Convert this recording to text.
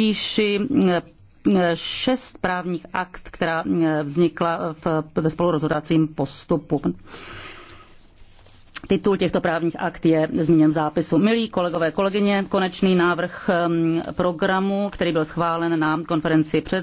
píši mm, mm, šest právních akt, která mm, vznikla v, ve spolurozhodacím postupu. Titul těchto právních akt je zmíněn v zápisu. Milí kolegové, kolegyně, konečný návrh programu, který byl schválen na konferenci před